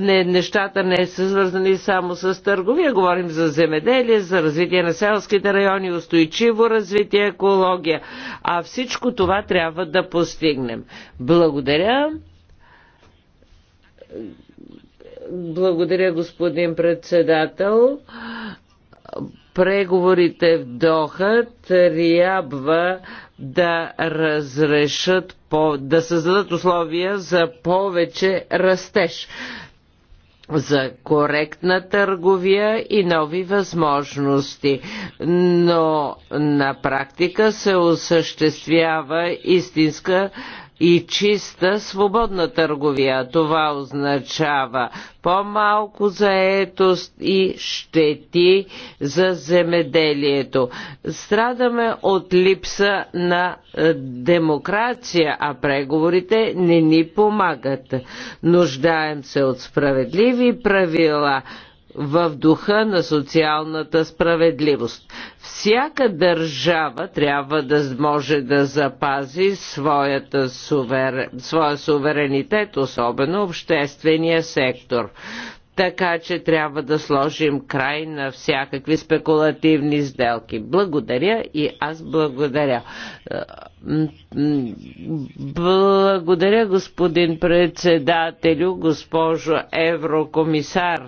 не, нещата не са свързани само с търговия. Говорим за земеделие, за развитие на селските райони, устойчиво развитие, екология. А всичко това трябва да постигнем. Благодаря. Благодаря, господин председател преговорите в Доха трябва да разрешат, да създадат условия за повече растеж за коректна търговия и нови възможности. Но на практика се осъществява истинска и чиста свободна търговия. Това означава по-малко заетост и щети за земеделието. Страдаме от липса на е, демокрация, а преговорите не ни помагат. Нуждаем се от справедливи правила, в духа на социалната справедливост. Всяка държава трябва да може да запази своята сувер... своя суверенитет, особено обществения сектор така че трябва да сложим край на всякакви спекулативни сделки. Благодаря и аз благодаря. Благодаря, господин председателю, госпожо еврокомисар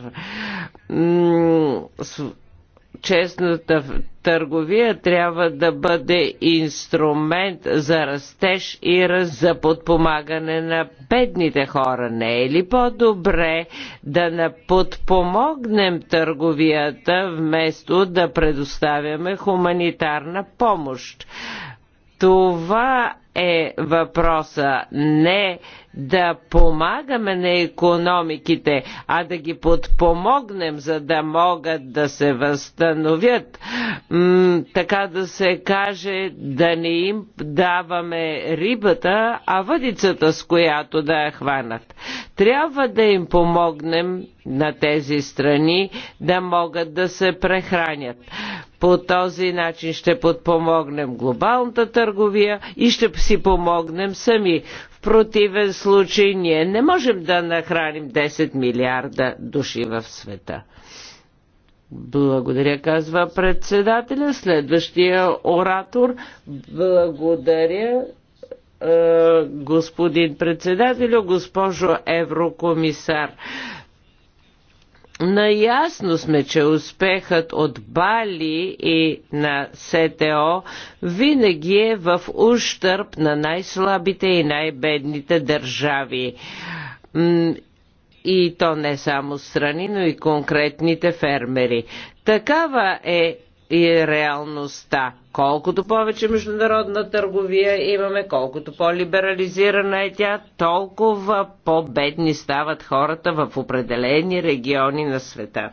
честната търговия трябва да бъде инструмент за растеж и раз за подпомагане на бедните хора. Не е ли по-добре да не подпомогнем търговията, вместо да предоставяме хуманитарна помощ? Това е въпроса. Не да помагаме на економиките, а да ги подпомогнем, за да могат да се възстановят. М- така да се каже, да не им даваме рибата, а въдицата, с която да я хванат. Трябва да им помогнем на тези страни да могат да се прехранят. По този начин ще подпомогнем глобалната търговия и ще си помогнем сами. В противен случай ние не можем да нахраним 10 милиарда души в света. Благодаря, казва председателя. Следващия оратор. Благодаря, е, господин председателю, госпожо еврокомисар. Наясно сме, че успехът от Бали и на СТО винаги е в ущърп на най-слабите и най-бедните държави. И то не само страни, но и конкретните фермери. Такава е и реалността. Колкото повече международна търговия имаме, колкото по-либерализирана е тя, толкова по-бедни стават хората в определени региони на света.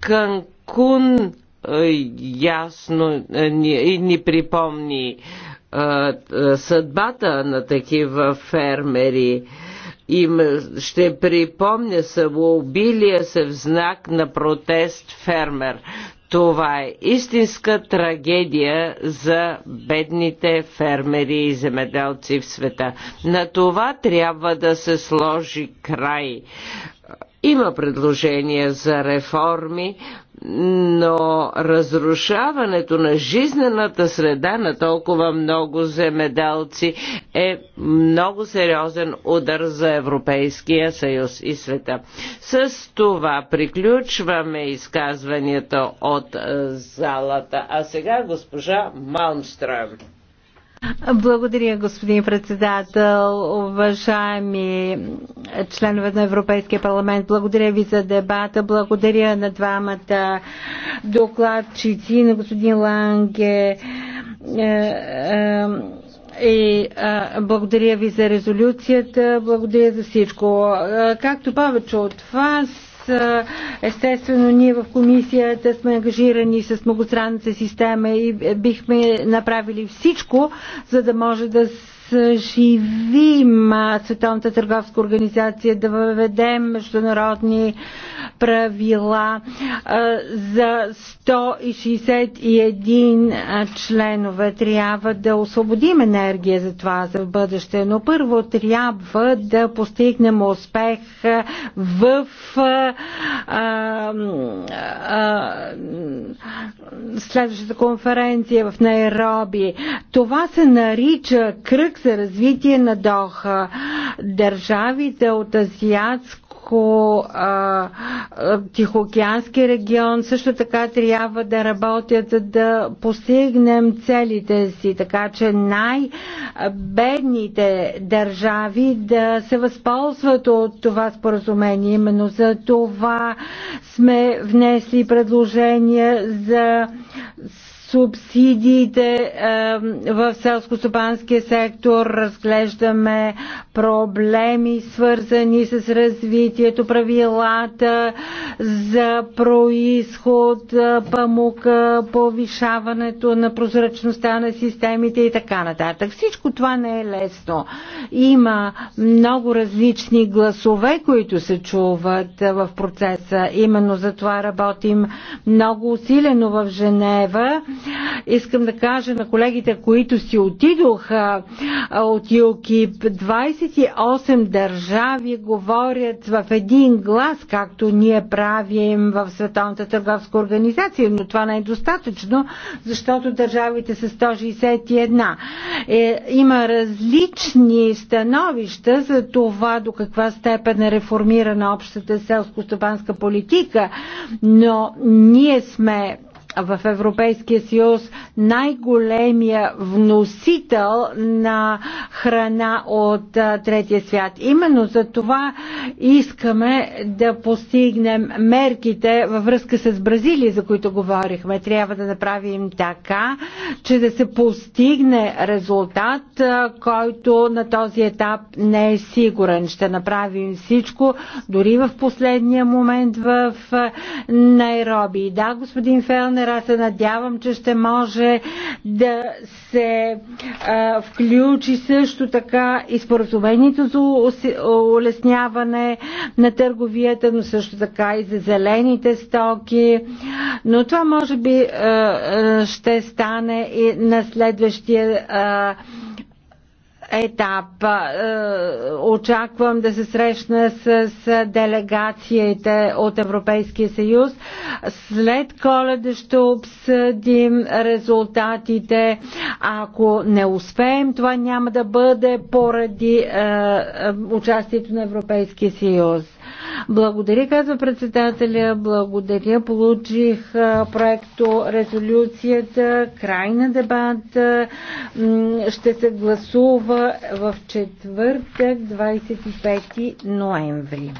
Канкун е, ясно е, ни, ни припомни е, съдбата на такива фермери. Им ще припомня самоубилия се в знак на протест фермер. Това е истинска трагедия за бедните фермери и земеделци в света. На това трябва да се сложи край. Има предложения за реформи, но разрушаването на жизнената среда на толкова много земеделци е много сериозен удар за Европейския съюз и света. С това приключваме изказванията от е, залата. А сега госпожа Малмстрем. Благодаря, господин председател, уважаеми членове на Европейския парламент. Благодаря ви за дебата. Благодаря на двамата докладчици, на господин Ланге. Е, е, и а, е, благодаря ви за резолюцията, благодаря за всичко. А, както повече от вас, Естествено, ние в комисията сме ангажирани с многостранната система и бихме направили всичко, за да може да се съживим Световната търговска организация, да въведем международни правила за 161 членове. Трябва да освободим енергия за това за бъдеще, но първо трябва да постигнем успех в а, а, а, следващата конференция в Найроби. Това се нарича кръг пак за развитие на Доха. Държавите от азиатско Тихоокеански регион също така трябва да работят, за да постигнем целите си, така че най-бедните държави да се възползват от това споразумение. Именно за това сме внесли предложения за субсидиите е, в селско-стопанския сектор, разглеждаме проблеми свързани с развитието, правилата за происход, е, памука, повишаването на прозрачността на системите и така нататък. Всичко това не е лесно. Има много различни гласове, които се чуват е, в процеса. Именно за това работим много усилено в Женева Искам да кажа на колегите, които си отидоха от ЮКИП, 28 държави говорят в един глас, както ние правим в Световната търговска организация, но това не е достатъчно, защото държавите са 161. Е, има различни становища за това до каква степен е реформирана общата селско-стопанска политика, но ние сме в Европейския съюз най-големия вносител на храна от третия свят. Именно за това искаме да постигнем мерките във връзка с Бразилия, за които говорихме. Трябва да направим така, че да се постигне резултат, който на този етап не е сигурен. Ще направим всичко, дори в последния момент в Найроби. Да, господин Фелнер, аз се надявам, че ще може да се а, включи също така и споразумението за улесняване на търговията, но също така и за зелените стоки. Но това може би а, ще стане и на следващия а, етап. Е, очаквам да се срещна с делегациите от Европейския съюз. След коледа ще обсъдим резултатите. Ако не успеем, това няма да бъде поради е, е, участието на Европейския съюз. Благодаря, казва председателя, благодаря. Получих проекто резолюцията, край на дебата. Ще се гласува в четвъртък, 25 ноември.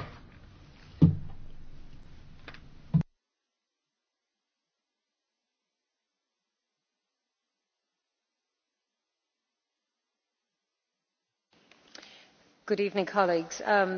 Good evening, colleagues. Um...